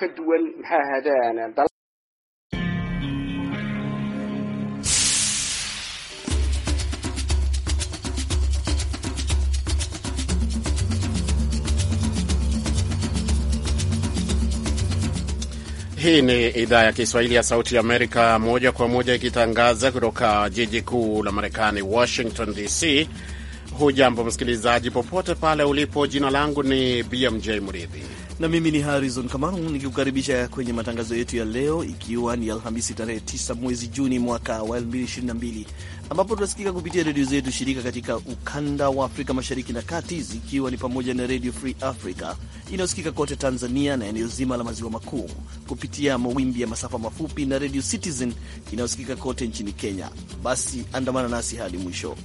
ka duwan maxaa hadaan Hii ni idhaa ya Kiswahili ya Sauti ya Amerika moja kwa moja ikitangaza kutoka jiji kuu la Marekani, Washington DC. Hujambo msikilizaji, popote pale ulipo. Jina langu ni BMJ Mridhi na mimi ni Harrison Kamau nikikukaribisha kwenye matangazo yetu ya leo, ikiwa ni Alhamisi tarehe 9 mwezi Juni mwaka wa 2022 ambapo tunasikika kupitia redio zetu shirika katika ukanda wa Afrika mashariki na kati, zikiwa ni pamoja na Redio Free Africa inayosikika kote Tanzania na eneo zima la maziwa makuu kupitia mawimbi ya masafa mafupi na Redio Citizen inayosikika kote nchini Kenya. Basi andamana nasi hadi mwisho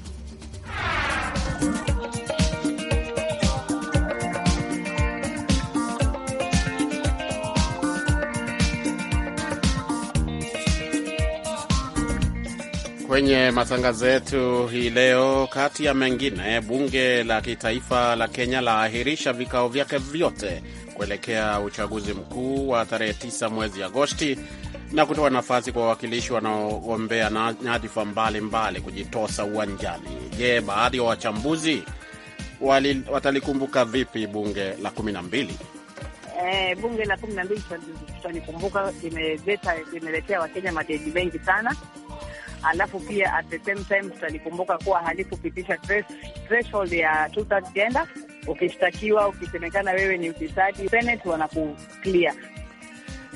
Kwenye matangazo yetu hii leo, kati ya mengine, bunge la kitaifa la Kenya laahirisha vikao vyake vyote kuelekea uchaguzi mkuu wa tarehe 9 mwezi Agosti na kutoa nafasi kwa wawakilishi wanaogombea nyadhifa mbalimbali kujitosa uwanjani. Je, baadhi ya wachambuzi watalikumbuka vipi bunge la kumi na mbili? Eh, bunge la kumi na mbili tutalikumbuka, imeletea Wakenya madeni mengi sana alafu pia at the same time tutalikumbuka kuwa halikupitisha threshold ya two thirds gender. Ukishtakiwa, ukisemekana wewe ni ufisadi, Senate wanakuklia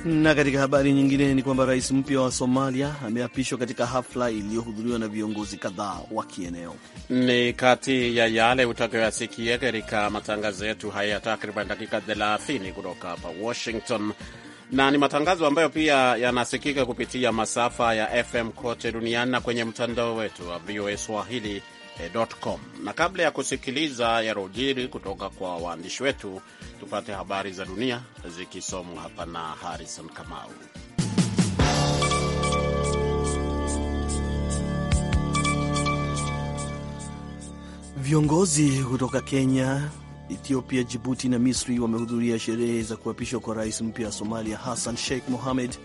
na katika habari nyingine ni kwamba rais mpya wa Somalia ameapishwa katika hafla iliyohudhuriwa na viongozi kadhaa wa kieneo. Ni kati ya yale utakayoyasikia katika matangazo yetu haya takriban dakika 30 kutoka hapa Washington na ni matangazo ambayo pia yanasikika kupitia masafa ya FM kote duniani na kwenye mtandao wetu wa VOA Swahili.com. Eh, na kabla ya kusikiliza yarojiri kutoka kwa waandishi wetu, tupate habari za dunia zikisomwa hapa na Harrison Kamau. Viongozi kutoka Kenya Ethiopia, Jibuti na Misri wamehudhuria sherehe za kuapishwa kwa rais mpya wa Somalia Hassan Sheikh Mohamed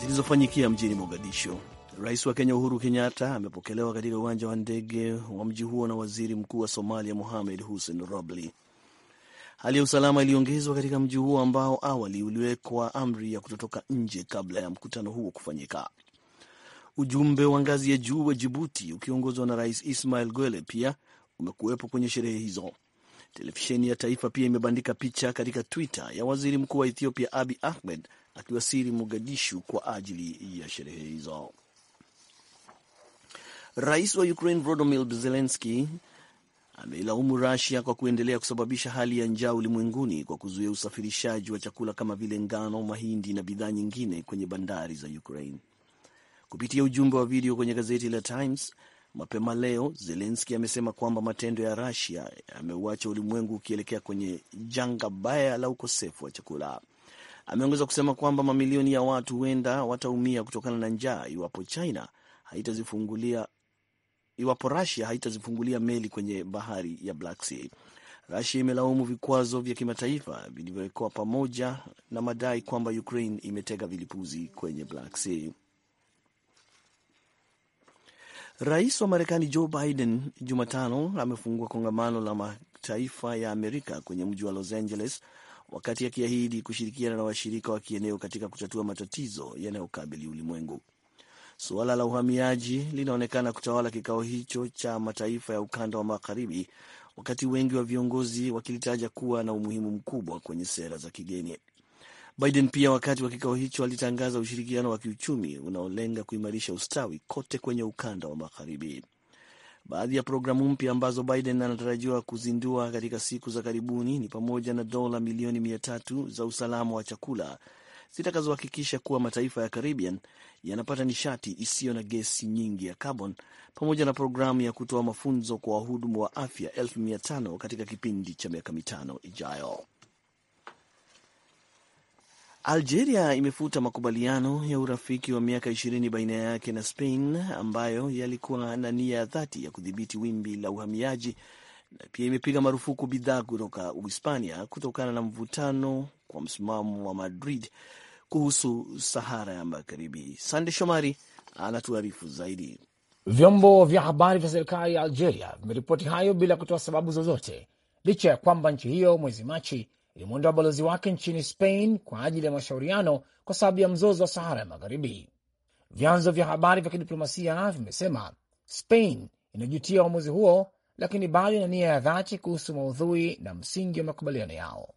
zilizofanyikia mjini Mogadisho. Rais wa Kenya Uhuru Kenyatta amepokelewa katika uwanja wa ndege wa mji huo na waziri mkuu wa Somalia Mohamed Hussein Roble. Hali ya usalama iliongezwa katika mji huo ambao awali uliwekwa amri ya kutotoka nje kabla ya mkutano huo kufanyika. Ujumbe wa ngazi ya juu wa Jibuti ukiongozwa na rais Ismail Gwele pia umekuwepo kwenye sherehe hizo. Televisheni ya taifa pia imebandika picha katika Twitter ya waziri mkuu wa Ethiopia Abi Ahmed akiwasili Mogadishu kwa ajili ya sherehe hizo. Rais wa Ukraine Volodymyr Zelensky ameilaumu Rusia kwa kuendelea kusababisha hali ya njaa ulimwenguni kwa kuzuia usafirishaji wa chakula kama vile ngano, mahindi na bidhaa nyingine kwenye bandari za Ukraine. Kupitia ujumbe wa video kwenye gazeti la Times, Mapema leo Zelenski amesema kwamba matendo ya Rusia yameuacha ulimwengu ukielekea kwenye janga baya la ukosefu wa chakula. Ameongeza kusema kwamba mamilioni ya watu huenda wataumia kutokana na njaa iwapo China haitazifungulia iwapo Rusia haitazifungulia meli kwenye bahari ya Black Sea. Rusia imelaumu vikwazo vya kimataifa vilivyowekewa pamoja na madai kwamba Ukraine imetega vilipuzi kwenye Black Sea. Rais wa Marekani Joe Biden Jumatano amefungua kongamano la mataifa ya Amerika kwenye mji wa Los Angeles wakati akiahidi kushirikiana na washirika wa kieneo katika kutatua matatizo yanayokabili ulimwengu. Suala la uhamiaji linaonekana kutawala kikao hicho cha mataifa ya ukanda wa magharibi, wakati wengi wa viongozi wakilitaja kuwa na umuhimu mkubwa kwenye sera za kigeni. Biden pia wakati wa kikao hicho alitangaza ushirikiano wa kiuchumi unaolenga kuimarisha ustawi kote kwenye ukanda wa magharibi. Baadhi ya programu mpya ambazo Biden anatarajiwa kuzindua katika siku za karibuni ni pamoja na dola milioni mia tatu za usalama wa chakula zitakazohakikisha kuwa mataifa ya Caribbean yanapata nishati isiyo na gesi nyingi ya carbon pamoja na programu ya kutoa mafunzo kwa wahudumu wa afya elfu mia tano katika kipindi cha miaka mitano ijayo. Algeria imefuta makubaliano ya urafiki wa miaka ishirini baina yake na Spain ambayo yalikuwa na nia ya dhati ya kudhibiti wimbi la uhamiaji na pia imepiga marufuku bidhaa kutoka Uhispania kutokana na mvutano kwa msimamo wa Madrid kuhusu Sahara ya Magharibi. Sande Shomari anatuarifu zaidi. Vyombo vya habari vya serikali ya Algeria vimeripoti hayo bila kutoa sababu zozote, licha ya kwamba nchi hiyo mwezi Machi ilimwondoa balozi wake nchini Spain kwa ajili ya mashauriano kwa sababu ya mzozo wa Sahara ya Magharibi. Vyanzo vya habari vya kidiplomasia vimesema Spain inajutia uamuzi huo, lakini bado ina nia ya dhati kuhusu maudhui na msingi wa makubaliano yao.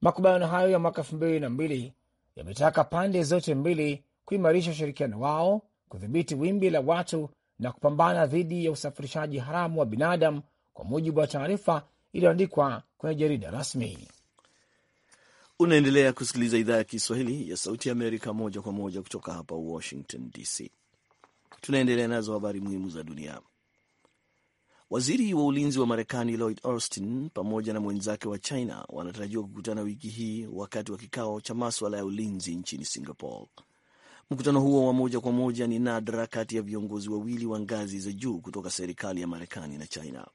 Makubaliano hayo ya mwaka elfu mbili na mbili yametaka pande zote mbili kuimarisha ushirikiano wao, kudhibiti wimbi la watu na kupambana dhidi ya usafirishaji haramu wa binadamu, kwa mujibu wa taarifa iliyoandikwa kwenye jarida rasmi. Unaendelea kusikiliza idhaa ya Kiswahili ya Sauti ya Amerika moja kwa moja kutoka hapa Washington DC. Tunaendelea nazo habari muhimu za dunia. Waziri wa ulinzi wa Marekani Lloyd Austin pamoja na mwenzake wa China wanatarajiwa kukutana wiki hii wakati wa kikao cha maswala ya ulinzi nchini Singapore. Mkutano huo wa moja kwa moja ni nadra kati ya viongozi wawili wa ngazi za juu kutoka serikali ya Marekani na China.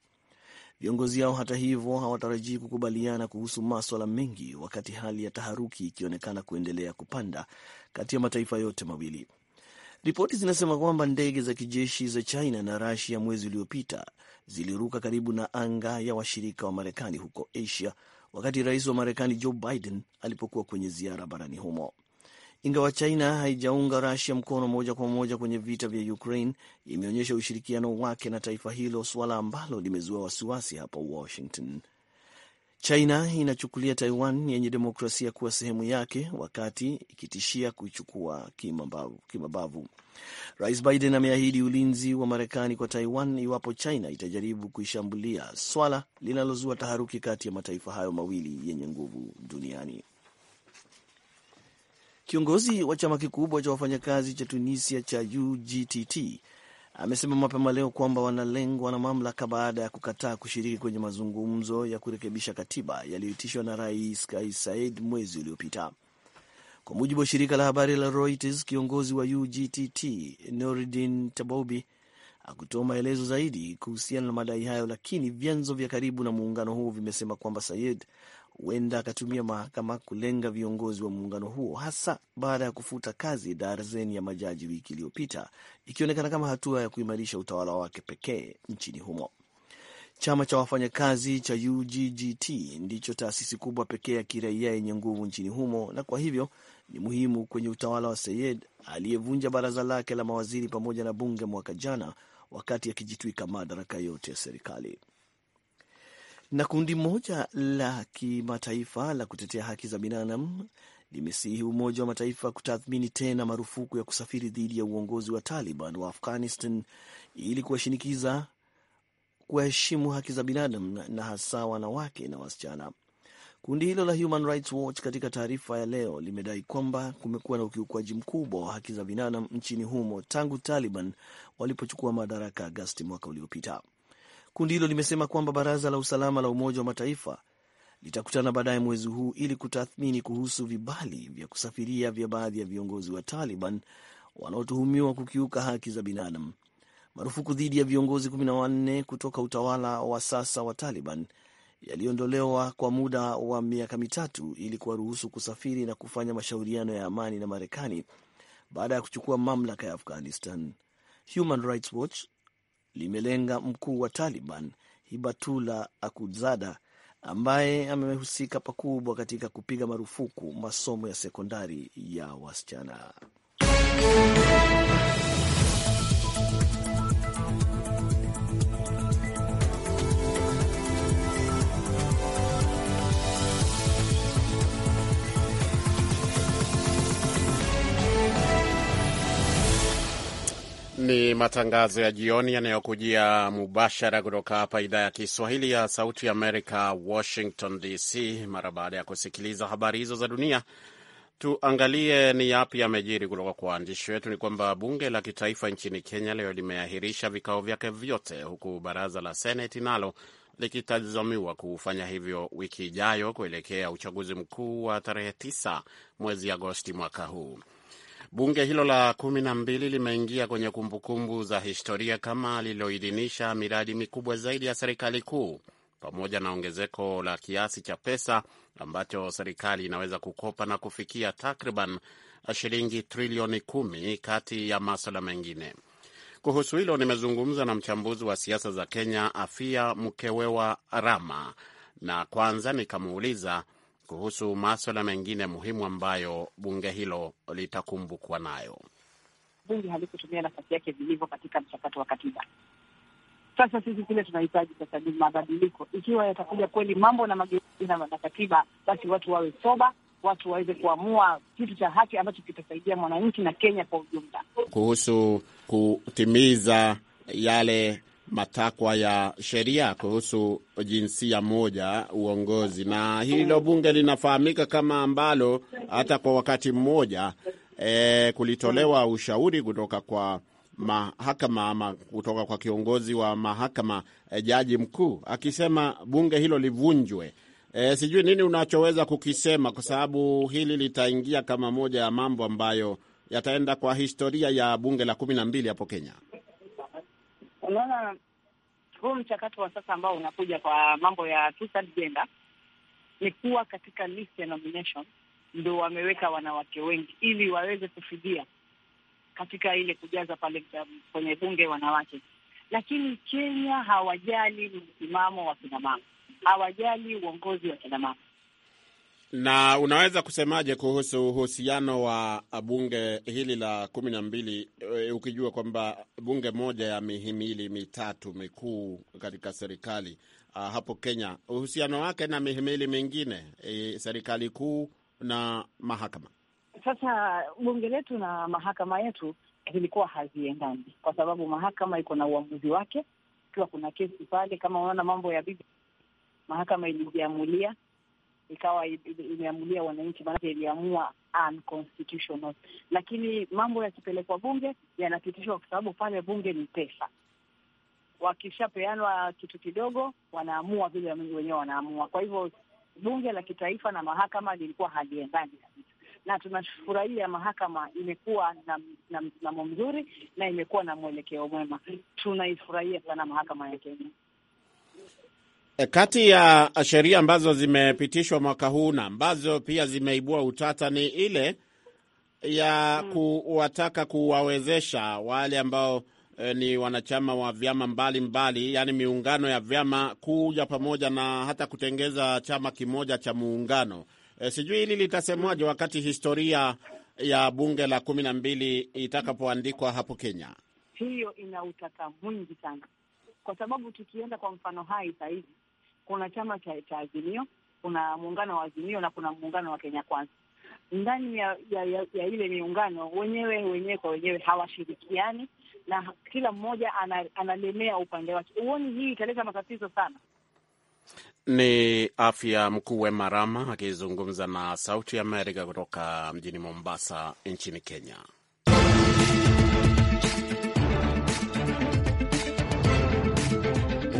Viongozi hao hata hivyo hawatarajii kukubaliana kuhusu maswala mengi, wakati hali ya taharuki ikionekana kuendelea kupanda kati ya mataifa yote mawili. Ripoti zinasema kwamba ndege za kijeshi za China na Rasia mwezi uliopita ziliruka karibu na anga ya washirika wa Marekani huko Asia, wakati rais wa Marekani Joe Biden alipokuwa kwenye ziara barani humo. Ingawa China haijaunga Rusia mkono moja kwa moja kwenye vita vya Ukraine, imeonyesha ushirikiano wake na taifa hilo, suala ambalo limezua wasiwasi hapa Washington. China inachukulia Taiwan yenye demokrasia kuwa sehemu yake, wakati ikitishia kuichukua kimabavu, kimabavu. Rais Biden ameahidi ulinzi wa Marekani kwa Taiwan iwapo China itajaribu kuishambulia, swala linalozua taharuki kati ya mataifa hayo mawili yenye nguvu duniani. Kiongozi wa chama kikubwa cha wafanyakazi cha Tunisia cha UGTT amesema mapema leo kwamba wanalengwa na mamlaka baada ya kukataa kushiriki kwenye mazungumzo ya kurekebisha katiba yaliyoitishwa na Rais Kais Saied mwezi uliopita. Kwa mujibu wa shirika la habari la Reuters, kiongozi wa UGTT noridin Taboubi hakutoa maelezo zaidi kuhusiana na madai hayo, lakini vyanzo vya karibu na muungano huo vimesema kwamba Sayed huenda akatumia mahakama kulenga viongozi wa muungano huo hasa baada ya kufuta kazi darzeni ya majaji wiki iliyopita, ikionekana kama hatua ya kuimarisha utawala wake pekee nchini humo. Chama cha wafanyakazi cha UGGT ndicho taasisi kubwa pekee ya kiraia yenye nguvu nchini humo na kwa hivyo ni muhimu kwenye utawala wa Sayed aliyevunja baraza lake la mawaziri pamoja na bunge mwaka jana, wakati akijitwika madaraka yote ya serikali. Na kundi moja la kimataifa la kutetea haki za binadamu limesihi Umoja wa Mataifa kutathmini tena marufuku ya kusafiri dhidi ya uongozi wa Taliban wa Afghanistan ili kuwashinikiza kuwaheshimu haki za binadamu na hasa wanawake na wasichana. Kundi hilo la Human Rights Watch katika taarifa ya leo limedai kwamba kumekuwa na ukiukwaji mkubwa wa haki za binadamu nchini humo tangu Taliban walipochukua madaraka Agasti mwaka uliopita. Kundi hilo limesema kwamba baraza la usalama la Umoja wa Mataifa litakutana baadaye mwezi huu ili kutathmini kuhusu vibali vya kusafiria vya baadhi ya viongozi wa Taliban wanaotuhumiwa kukiuka haki za binadamu. Marufuku dhidi ya viongozi kumi na wanne kutoka utawala wa sasa wa Taliban yaliondolewa kwa muda wa miaka mitatu ili kuwaruhusu kusafiri na kufanya mashauriano ya amani na Marekani baada ya kuchukua mamlaka ya Afghanistan. Human Rights Watch limelenga mkuu wa Taliban Hibatula akuzada ambaye amehusika pakubwa katika kupiga marufuku masomo ya sekondari ya wasichana. Ni matangazo ya jioni yanayokujia mubashara kutoka hapa idhaa ya Kiswahili ya Sauti ya Amerika, Washington DC. Mara baada ya kusikiliza habari hizo za dunia, tuangalie ni yapi yamejiri kutoka kwa waandishi wetu. Ni kwamba bunge la kitaifa nchini Kenya leo limeahirisha vikao vyake vyote, huku baraza la Seneti nalo likitazamiwa kufanya hivyo wiki ijayo kuelekea uchaguzi mkuu wa tarehe 9 mwezi Agosti mwaka huu. Bunge hilo la kumi na mbili limeingia kwenye kumbukumbu za historia kama lililoidhinisha miradi mikubwa zaidi ya serikali kuu pamoja na ongezeko la kiasi cha pesa ambacho serikali inaweza kukopa na kufikia takriban shilingi trilioni kumi kati ya maswala mengine. Kuhusu hilo nimezungumza na mchambuzi wa siasa za Kenya Afia Mkewewa Rama, na kwanza nikamuuliza kuhusu maswala mengine muhimu ambayo bunge hilo litakumbukwa nayo. Bunge halikutumia nafasi yake vilivyo katika mchakato wa katiba. Sasa sisi kile tunahitaji sasa ni mabadiliko. Ikiwa yatakuja kweli mambo na mageuzi na katiba, basi watu wawe soba, watu waweze kuamua kitu cha haki ambacho kitasaidia mwananchi na Kenya kwa ujumla, kuhusu kutimiza yale matakwa ya sheria kuhusu jinsia moja uongozi, na hilo bunge linafahamika kama ambalo hata kwa wakati mmoja e, kulitolewa ushauri kutoka kwa mahakama ama kutoka kwa kiongozi wa mahakama e, jaji mkuu akisema bunge hilo livunjwe. E, sijui nini unachoweza kukisema, kwa sababu hili litaingia kama moja ya mambo ambayo yataenda kwa historia ya bunge la kumi na mbili hapo Kenya. Unaona, huu mchakato wa sasa ambao unakuja kwa mambo ya two gender ni kuwa katika list ya nomination ndo wameweka wanawake wengi ili waweze kufidia katika ile kujaza pale kwenye bunge wanawake, lakini Kenya hawajali msimamo wa kinamama, hawajali uongozi wa kinamama. Na unaweza kusemaje kuhusu uhusiano wa bunge hili la kumi na mbili eh, ukijua kwamba bunge moja ya mihimili mitatu mikuu katika serikali uh, hapo Kenya, uhusiano wake na mihimili mingine e, serikali kuu na mahakama? Sasa bunge letu na mahakama yetu zilikuwa haziendani, kwa sababu mahakama iko na uamuzi wake. Ikiwa kuna kesi pale, kama unaona mambo ya bibi, mahakama ilijiamulia ikawa imeamulia wananchi, maanake iliamua unconstitutional. Lakini mambo yakipelekwa bunge yanapitishwa, kwa sababu pale bunge ni pesa. Wakishapeanwa kitu kidogo, wanaamua vile wenyewe wanaamua. Kwa hivyo bunge la kitaifa na mahakama lilikuwa haliendani kabisa, na tunafurahia mahakama imekuwa na, na msimamo mzuri na imekuwa na mwelekeo mwema. Tunaifurahia sana mahakama ya Kenya. Eh, kati ya sheria ambazo zimepitishwa mwaka huu na ambazo pia zimeibua utata ni ile ya mm. kuwataka kuwawezesha wale ambao eh, ni wanachama wa vyama mbalimbali mbali, yani miungano ya vyama kuja pamoja na hata kutengeza chama kimoja cha muungano. E, sijui hili litasemwaje wakati historia ya bunge la kumi na mbili itakapoandikwa hapo Kenya. Hiyo ina utata mwingi sana, kwa sababu tukienda kwa mfano hai sahizi kuna chama cha, cha Azimio, kuna muungano wa Azimio na kuna muungano wa Kenya Kwanza. Ndani ya, ya, ya, ya ile miungano wenyewe wenyewe kwa wenyewe hawashirikiani na kila mmoja analemea upande wake. Huoni hii italeta matatizo sana? Ni afya mkuu Wema Rama akizungumza na Sauti ya Amerika kutoka mjini Mombasa nchini Kenya.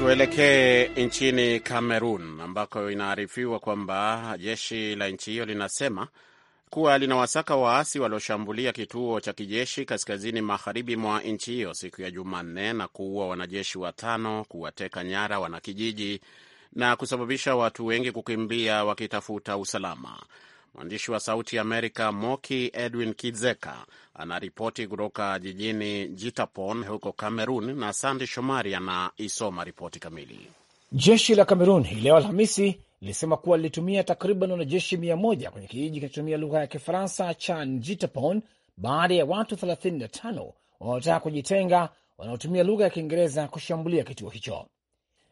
Tuelekee nchini Kamerun ambako inaarifiwa kwamba jeshi la nchi hiyo linasema kuwa linawasaka waasi walioshambulia kituo cha kijeshi kaskazini magharibi mwa nchi hiyo siku ya Jumanne na kuua wanajeshi watano, kuwateka nyara wanakijiji na kusababisha watu wengi kukimbia wakitafuta usalama. Mwandishi wa Sauti ya Amerika Moki Edwin Kizeka anaripoti kutoka jijini Jitapon huko Kamerun, na Sandi Shomari anaisoma ripoti kamili. Jeshi la Kamerun hii leo Alhamisi lilisema kuwa lilitumia takriban wanajeshi mia moja kwenye kijiji kinachotumia lugha ya Kifaransa cha Njitapon baada ya watu 35 wanaotaka kujitenga wanaotumia lugha ya Kiingereza kushambulia kituo hicho.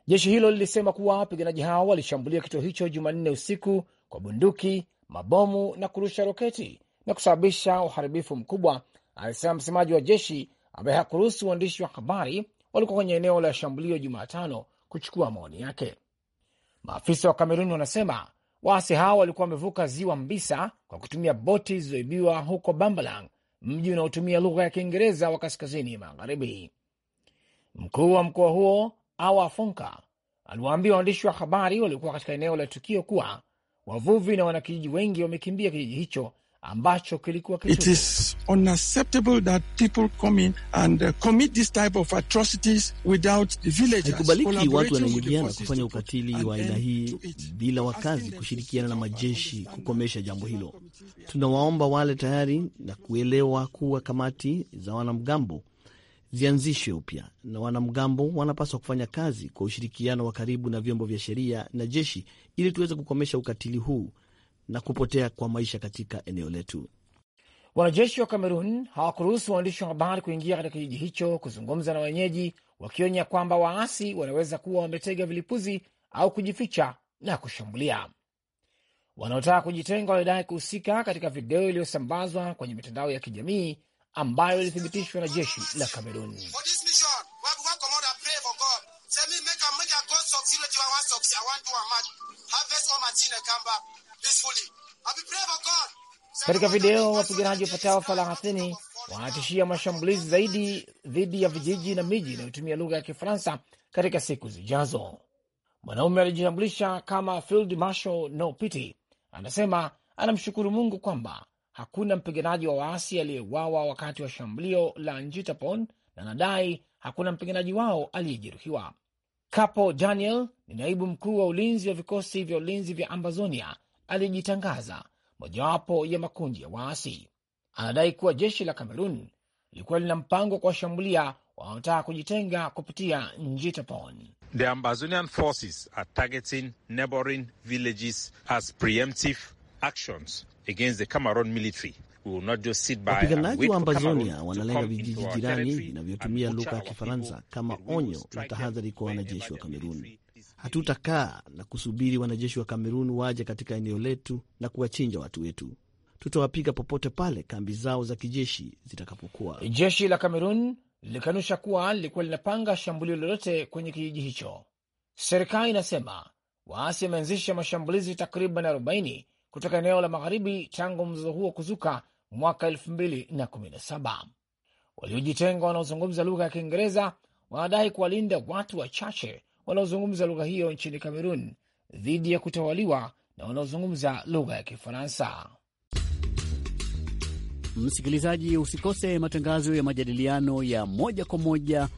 Jeshi hilo lilisema kuwa wapiganaji hao walishambulia kituo hicho Jumanne usiku kwa bunduki mabomu na kurusha roketi na kusababisha uharibifu mkubwa, alisema msemaji wa jeshi ambaye hakuruhusu waandishi wa habari walikuwa kwenye eneo la shambulio Jumatano kuchukua maoni yake. Maafisa wa Kameruni wanasema waasi hao walikuwa wamevuka ziwa Mbisa kwa kutumia boti zilizoibiwa huko Bambalang, mji unaotumia lugha ya Kiingereza wa kaskazini magharibi. Mkuu wa mkoa huo Awa Fonka aliwaambia waandishi wa habari waliokuwa katika eneo la tukio kuwa Wavuvi na wanakijiji wengi wamekimbia kijiji hicho ambacho kilikuwa haikubaliki. Watu wanaingiana kufanya ukatili wa aina hii bila wakazi kushirikiana na majeshi kukomesha jambo hilo. Tunawaomba wale tayari na kuelewa kuwa kamati za wanamgambo zianzishwe upya na wanamgambo wanapaswa kufanya kazi kwa ushirikiano wa karibu na vyombo vya sheria na jeshi ili tuweze kukomesha ukatili huu na kupotea kwa maisha katika eneo letu. Wanajeshi wa Kamerun hawakuruhusu waandishi wa habari kuingia katika kijiji hicho kuzungumza na wenyeji, wakionya kwamba waasi wanaweza kuwa wametega vilipuzi au kujificha na kushambulia. Wanaotaka kujitenga walidai kuhusika katika video iliyosambazwa kwenye mitandao ya kijamii ambayo ilithibitishwa na jeshi la Kamerun. Katika video wapiganaji wapatao thelathini wanatishia mashambulizi zaidi dhidi ya vijiji na miji inayotumia lugha ya Kifaransa katika siku zijazo. Mwanaume alijitambulisha kama Field Marshal No Pity anasema anamshukuru Mungu kwamba hakuna mpiganaji wa waasi aliyeuawa wakati wa shambulio la Njitapon na anadai hakuna mpiganaji wao aliyejeruhiwa. Capo Daniel ni naibu mkuu wa ulinzi wa vikosi vya ulinzi vya Ambazonia aliyejitangaza mojawapo ya makundi ya waasi. Anadai kuwa jeshi la Kamerun lilikuwa lina mpango wa kuwashambulia wanaotaka kujitenga kupitia Njitapon. The Ambazonian forces are targeting neighboring villages as preemptive actions against the Cameroon military. Wapiganaji wa Ambazonia wanalenga vijiji jirani vinavyotumia lugha ya Kifaransa kama onyo na tahadhari kwa wanajeshi wa Kamerun. Hatutakaa na kusubiri wanajeshi wa Kamerun waje katika eneo letu na kuwachinja watu wetu. Tutawapiga popote pale kambi zao za kijeshi zitakapokuwa. Jeshi la Kamerun lilikanusha kuwa lilikuwa linapanga shambulio lolote kwenye kijiji hicho. Serikali inasema waasi wameanzisha mashambulizi takriban kutoka eneo la magharibi tangu mzozo huo kuzuka mwaka saba. Waliojitenga wanaozungumza lugha ya Kiingereza wanadai kuwalinda watu wachache wanaozungumza lugha hiyo nchini Kamerun dhidi ya kutawaliwa na wanaozungumza lugha ya Kifaransa. Msikilizaji, usikose matangazo ya majadiliano ya moja kwa moja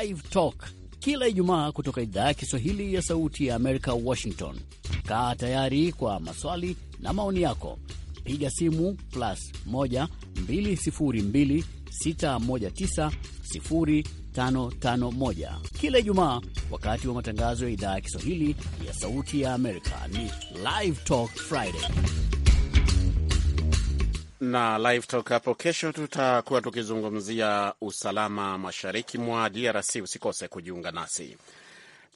Live Talk kila Ijumaa kutoka idhaa ya Kiswahili ya Sauti ya Amerika, Washington. Kaa tayari kwa maswali na maoni yako. Piga simu plus 1 kila Ijumaa wakati wa matangazo ya idhaa ya Kiswahili ya Sauti ya Amerika. Ni Live Talk Friday na Live Talk hapo kesho, tutakuwa tukizungumzia usalama mashariki mwa DRC. Usikose kujiunga nasi.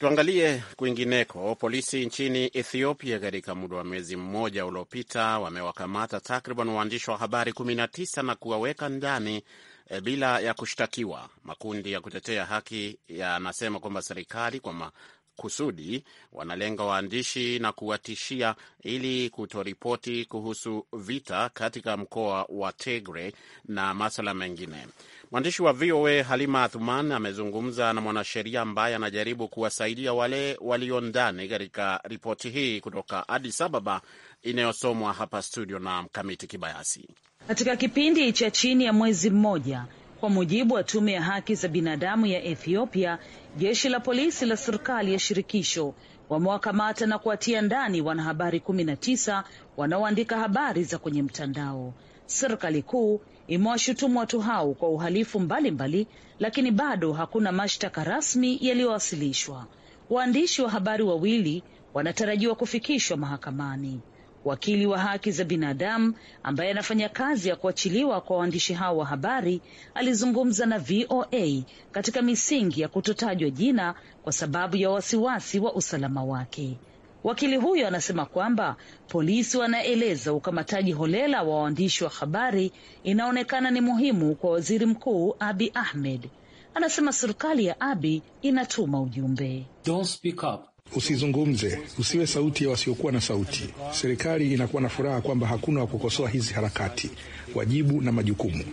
Tuangalie kwingineko. Polisi nchini Ethiopia katika muda wa mwezi mmoja uliopita wamewakamata takriban waandishi wa habari 19 na kuwaweka ndani e, bila ya kushtakiwa. Makundi ya kutetea haki yanasema kwamba serikali kwa makusudi wanalenga waandishi na kuwatishia ili kutoripoti kuhusu vita katika mkoa wa Tigray na masuala mengine. Mwandishi wa VOA Halima Athuman amezungumza na mwanasheria ambaye anajaribu kuwasaidia wale walio ndani katika ripoti hii kutoka Addis Ababa inayosomwa hapa studio na Mkamiti Kibayasi. Katika kipindi cha chini ya mwezi mmoja, kwa mujibu wa tume ya haki za binadamu ya Ethiopia, jeshi la polisi la serikali ya shirikisho wamewakamata na kuwatia ndani wanahabari 19 wanaoandika habari za kwenye mtandao. Serikali kuu imewashutumu watu hao kwa uhalifu mbalimbali mbali, lakini bado hakuna mashtaka rasmi yaliyowasilishwa. Waandishi wa habari wawili wanatarajiwa kufikishwa mahakamani. Wakili wa haki za binadamu ambaye anafanya kazi ya kuachiliwa kwa waandishi hao wa habari alizungumza na VOA katika misingi ya kutotajwa jina kwa sababu ya wasiwasi wa usalama wake. Wakili huyo anasema kwamba polisi wanaeleza ukamataji holela wa waandishi wa habari inaonekana ni muhimu kwa waziri mkuu Abi Ahmed. Anasema serikali ya Abi inatuma ujumbe, Don't speak up. Usizungumze, usiwe sauti ya wasiokuwa na sauti. Serikali inakuwa na furaha kwamba hakuna wa kukosoa hizi harakati, wajibu na majukumu.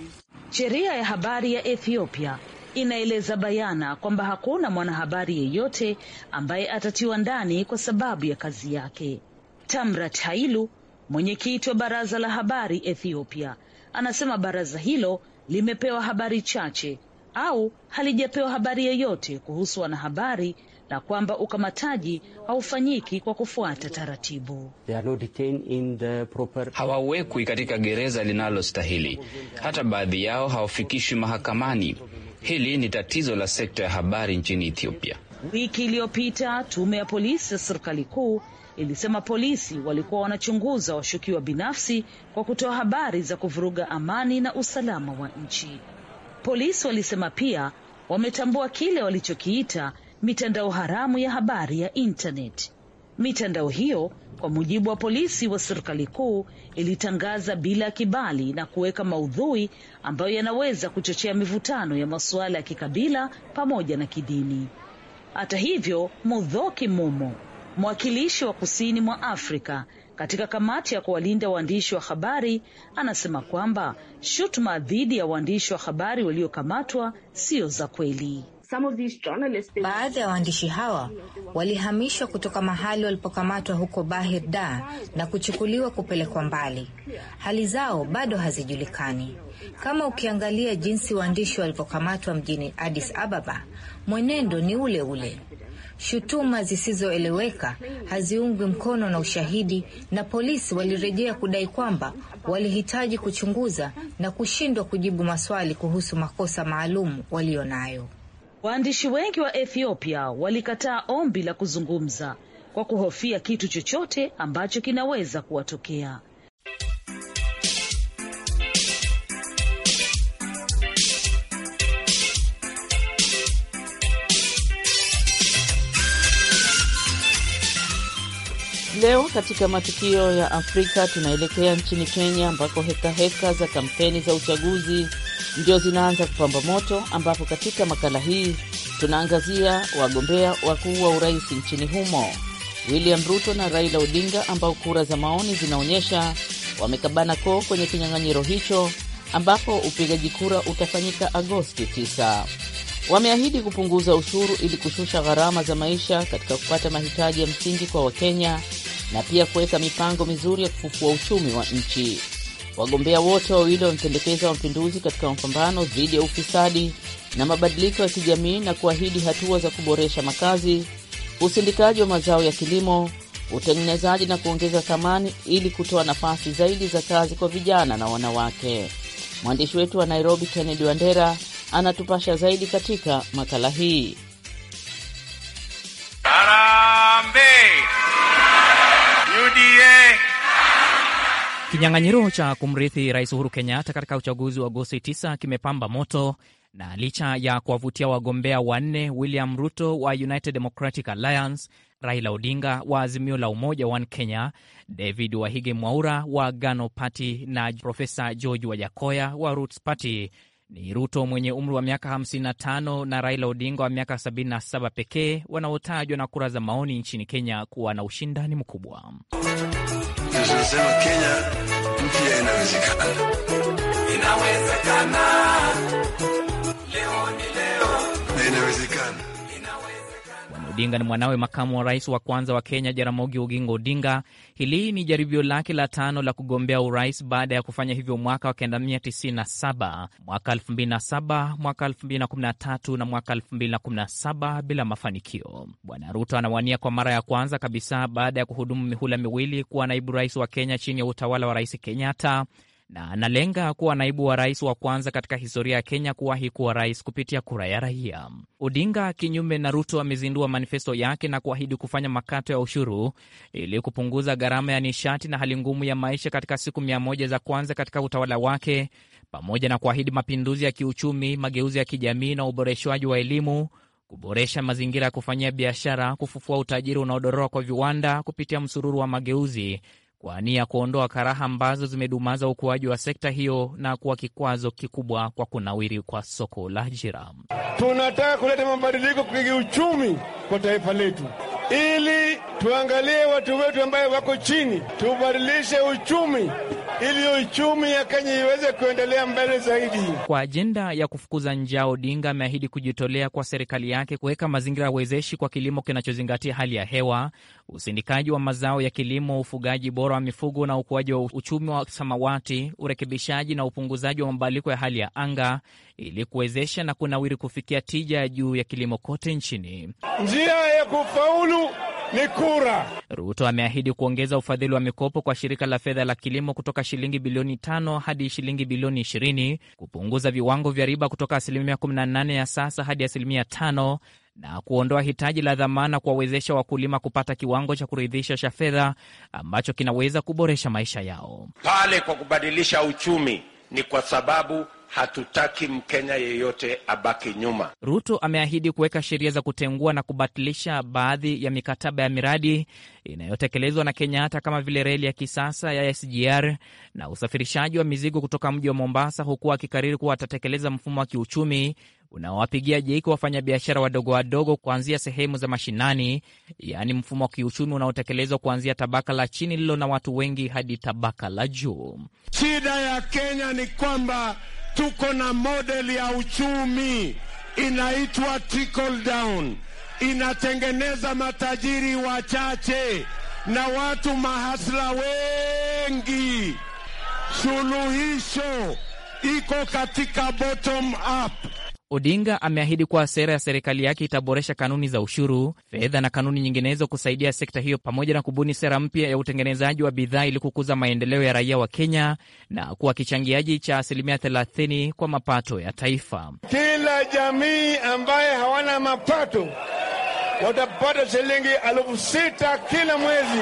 Sheria ya habari ya Ethiopia inaeleza bayana kwamba hakuna mwanahabari yeyote ambaye atatiwa ndani kwa sababu ya kazi yake. Tamrat Hailu, mwenyekiti wa baraza la habari Ethiopia, anasema baraza hilo limepewa habari chache au halijapewa habari yeyote kuhusu wanahabari na kwamba ukamataji haufanyiki kwa kufuata taratibu. Hawawekwi katika gereza linalostahili. Hata baadhi yao hawafikishwi mahakamani. Hili ni tatizo la sekta ya habari nchini Ethiopia. Wiki iliyopita tume ya polisi ya serikali kuu ilisema polisi walikuwa wanachunguza washukiwa binafsi kwa kutoa habari za kuvuruga amani na usalama wa nchi. Polisi walisema pia wametambua kile walichokiita mitandao haramu ya habari ya internet. Mitandao hiyo kwa mujibu wa polisi wa serikali kuu ilitangaza bila kibali na kuweka maudhui ambayo yanaweza kuchochea mivutano ya masuala ya kikabila pamoja na kidini. Hata hivyo, Mudhoki Mumo, mwakilishi wa kusini mwa Afrika katika kamati ya kuwalinda waandishi wa habari, anasema kwamba shutuma dhidi ya waandishi wa habari waliokamatwa sio za kweli. Baadhi ya waandishi hawa walihamishwa kutoka mahali walipokamatwa huko Bahir Da na kuchukuliwa kupelekwa mbali. Hali zao bado hazijulikani. Kama ukiangalia jinsi waandishi walivyokamatwa mjini Addis Ababa, mwenendo ni ule ule. Shutuma zisizoeleweka haziungwi mkono na ushahidi, na polisi walirejea kudai kwamba walihitaji kuchunguza na kushindwa kujibu maswali kuhusu makosa maalum walionayo. Waandishi wengi wa Ethiopia walikataa ombi la kuzungumza kwa kuhofia kitu chochote ambacho kinaweza kuwatokea. Leo katika matukio ya Afrika tunaelekea nchini Kenya ambako hekaheka heka za kampeni za uchaguzi ndio zinaanza kupamba moto, ambapo katika makala hii tunaangazia wagombea wakuu wa urais nchini humo, William Ruto na Raila Odinga, ambao kura za maoni zinaonyesha wamekabana koo kwenye kinyang'anyiro hicho ambapo upigaji kura utafanyika Agosti 9. Wameahidi kupunguza ushuru ili kushusha gharama za maisha katika kupata mahitaji ya msingi kwa Wakenya na pia kuweka mipango mizuri ya kufufua uchumi wa nchi. Wagombea wote wawili wamependekeza mapinduzi katika mapambano dhidi ya ufisadi na mabadiliko ya kijamii na kuahidi hatua za kuboresha makazi, usindikaji wa mazao ya kilimo, utengenezaji na kuongeza thamani ili kutoa nafasi zaidi za kazi kwa vijana na wanawake. Mwandishi wetu wa Nairobi, Kennedy Wandera, anatupasha zaidi katika makala hii. Harambee UDA! Kinyang'anyiro cha kumrithi Rais Uhuru Kenyatta katika uchaguzi wa Agosti 9 kimepamba moto na licha ya kuwavutia wagombea wanne, William Ruto wa United Democratic Alliance, Raila Odinga wa Azimio la Umoja One Kenya, David Wahige Mwaura wa Gano Party na Profesa George Wajakoya wa Roots Party, ni Ruto mwenye umri wa miaka 55 na Raila Odinga wa miaka 77 pekee wanaotajwa na kura za maoni nchini Kenya kuwa na ushindani mkubwa tunasema Kenya mpya inawezekana, inawezekana. Odinga ni mwanawe makamu wa rais wa kwanza wa Kenya, Jaramogi Oginga Odinga. Hili ni jaribio lake la tano la kugombea urais baada ya kufanya hivyo mwaka wa 1997, mwaka 2007, mwaka 2013 na mwaka 2017 bila mafanikio. Bwana Ruto anawania kwa mara ya kwanza kabisa baada ya kuhudumu mihula miwili kuwa naibu rais wa Kenya chini ya utawala wa Rais Kenyatta na analenga kuwa naibu wa rais wa kwanza katika historia ya Kenya kuwahi kuwa rais kupitia kura ya raia. Odinga, kinyume na Ruto, amezindua manifesto yake na kuahidi kufanya makato ya ushuru ili kupunguza gharama ya nishati na hali ngumu ya maisha katika siku mia moja za kwanza katika utawala wake, pamoja na kuahidi mapinduzi ya kiuchumi, mageuzi ya kijamii na uboreshwaji wa elimu kuboresha mazingira ya kufanyia biashara, kufufua utajiri unaodorora kwa viwanda kupitia msururu wa mageuzi kwa nia ya kuondoa karaha ambazo zimedumaza ukuaji wa sekta hiyo na kuwa kikwazo kikubwa kwa kunawiri kwa soko la ajira. Tunataka kuleta mabadiliko kwenye uchumi kwa taifa letu ili tuangalie watu wetu ambayo wako chini, tubadilishe uchumi ili uchumi ya Kenya iweze kuendelea mbele zaidi. Kwa ajenda ya kufukuza njaa, Odinga ameahidi kujitolea kwa serikali yake kuweka mazingira ya wezeshi kwa kilimo kinachozingatia hali ya hewa, usindikaji wa mazao ya kilimo, ufugaji bora wa mifugo na ukuaji wa uchumi wa samawati, urekebishaji na upunguzaji wa mabadiliko ya hali ya anga, ili kuwezesha na kunawiri kufikia tija ya juu ya kilimo kote nchini. Njia ya kufaulu ni kura. Ruto ameahidi kuongeza ufadhili wa mikopo kwa shirika la fedha la kilimo kutoka shilingi bilioni tano hadi shilingi bilioni ishirini, kupunguza viwango vya riba kutoka asilimia 18 ya sasa hadi asilimia tano na kuondoa hitaji la dhamana kuwawezesha wakulima kupata kiwango cha kuridhisha cha fedha ambacho kinaweza kuboresha maisha yao. Pale kwa kubadilisha uchumi ni kwa sababu hatutaki Mkenya yeyote abaki nyuma. Ruto ameahidi kuweka sheria za kutengua na kubatilisha baadhi ya mikataba ya miradi inayotekelezwa na Kenyatta kama vile reli ya kisasa ya SGR na usafirishaji wa mizigo kutoka mji wa Mombasa, huku akikariri kuwa atatekeleza mfumo wa kiuchumi unaowapigia jeki wafanyabiashara wadogo wadogo kuanzia sehemu za mashinani, yaani mfumo wa kiuchumi unaotekelezwa kuanzia tabaka la chini lililo na watu wengi hadi tabaka la juu. Shida ya Kenya ni kwamba tuko na model ya uchumi inaitwa trickle down, inatengeneza matajiri wachache na watu mahasla wengi. Suluhisho iko katika bottom up. Odinga ameahidi kuwa sera ya serikali yake itaboresha kanuni za ushuru, fedha na kanuni nyinginezo kusaidia sekta hiyo, pamoja na kubuni sera mpya ya utengenezaji wa bidhaa ili kukuza maendeleo ya raia wa Kenya na kuwa kichangiaji cha asilimia 30 kwa mapato ya taifa. Kila jamii ambaye hawana mapato watapata shilingi elfu sita kila mwezi.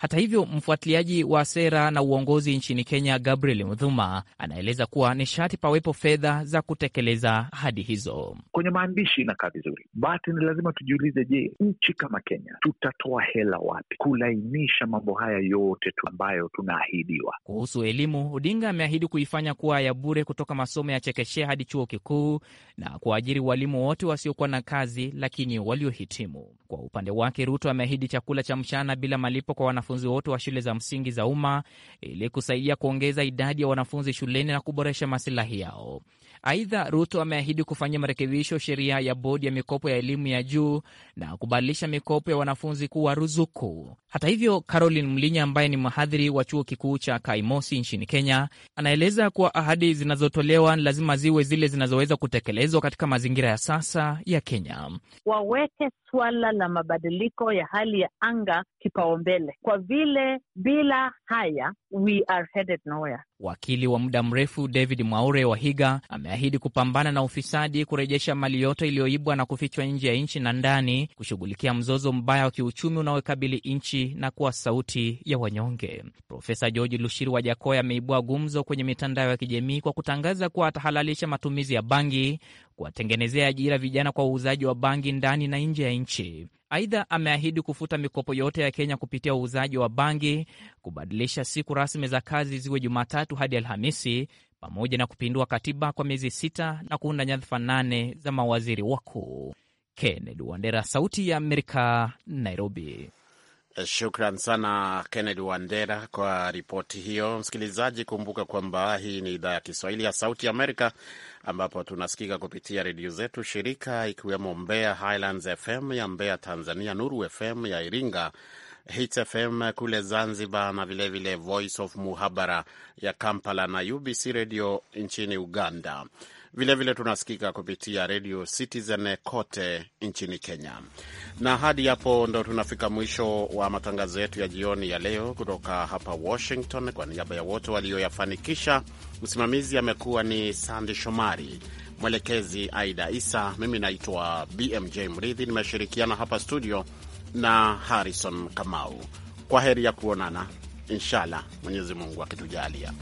Hata hivyo, mfuatiliaji wa sera na uongozi nchini Kenya, Gabriel Mudhuma, anaeleza kuwa ni sharti pawepo fedha za kutekeleza ahadi hizo. Kwenye maandishi inakaa vizuri, basi ni lazima tujiulize, je, nchi kama Kenya tutatoa hela wapi kulainisha mambo haya yote tu ambayo tunaahidiwa? Kuhusu elimu, Odinga ameahidi kuifanya kuwa ya bure kutoka masomo ya chekechea hadi chuo kikuu na kuajiri walimu wote wasiokuwa na kazi lakini waliohitimu. Kwa upande wake, Ruto ameahidi chakula cha mchana bila malipo kwa wanafunzi wanafunzi wote wa shule za msingi za umma ili kusaidia kuongeza idadi ya wanafunzi shuleni na kuboresha masilahi yao. Aidha, Ruto ameahidi kufanyia marekebisho sheria ya bodi ya mikopo ya elimu ya juu na kubadilisha mikopo ya wanafunzi kuwa ruzuku. Hata hivyo, Carolin Mlinya ambaye ni mhadhiri wa chuo kikuu cha Kaimosi nchini Kenya anaeleza kuwa ahadi zinazotolewa lazima ziwe zile zinazoweza kutekelezwa katika mazingira ya sasa ya Kenya. Waweke swala la mabadiliko ya hali ya anga kipaumbele, kwa vile bila haya we are headed nowhere. Wakili wa muda mrefu David Mwaure wa Higa ameahidi kupambana na ufisadi, kurejesha mali yote iliyoibwa na kufichwa nje ya nchi na ndani, kushughulikia mzozo mbaya wa kiuchumi unaokabili nchi na kuwa sauti ya wanyonge. Profesa George Lushiri wa Jakoya ameibua gumzo kwenye mitandao ya kijamii kwa kutangaza kuwa atahalalisha matumizi ya bangi kuwatengenezea ajira vijana kwa uuzaji wa bangi ndani na nje ya nchi. Aidha, ameahidi kufuta mikopo yote ya Kenya kupitia uuzaji wa bangi, kubadilisha siku rasmi za kazi ziwe Jumatatu hadi Alhamisi, pamoja na kupindua katiba kwa miezi sita na kuunda nyadhifa nane za mawaziri wakuu. Kennedy Wandera, Sauti ya Amerika, Nairobi. Eh, shukran sana Kennedy Wandera kwa ripoti hiyo. Msikilizaji, kumbuka kwamba hii ni idhaa ya Kiswahili ya Sauti Amerika, ambapo tunasikika kupitia redio zetu shirika, ikiwemo Mbeya Highlands FM ya Mbeya Tanzania, Nuru FM ya Iringa, Hits FM kule Zanzibar, na vilevile vile Voice of Muhabara ya Kampala na UBC Radio nchini Uganda. Vilevile vile tunasikika kupitia redio Citizen kote nchini Kenya. Na hadi hapo ndo tunafika mwisho wa matangazo yetu ya jioni ya leo kutoka hapa Washington. Kwa niaba ya wote walioyafanikisha, msimamizi amekuwa ni Sande Shomari, mwelekezi Aida Isa, mimi naitwa BMJ Mridhi, nimeshirikiana hapa studio na Harrison Kamau. Kwa heri ya kuonana, inshallah Mwenyezi Mungu akitujalia.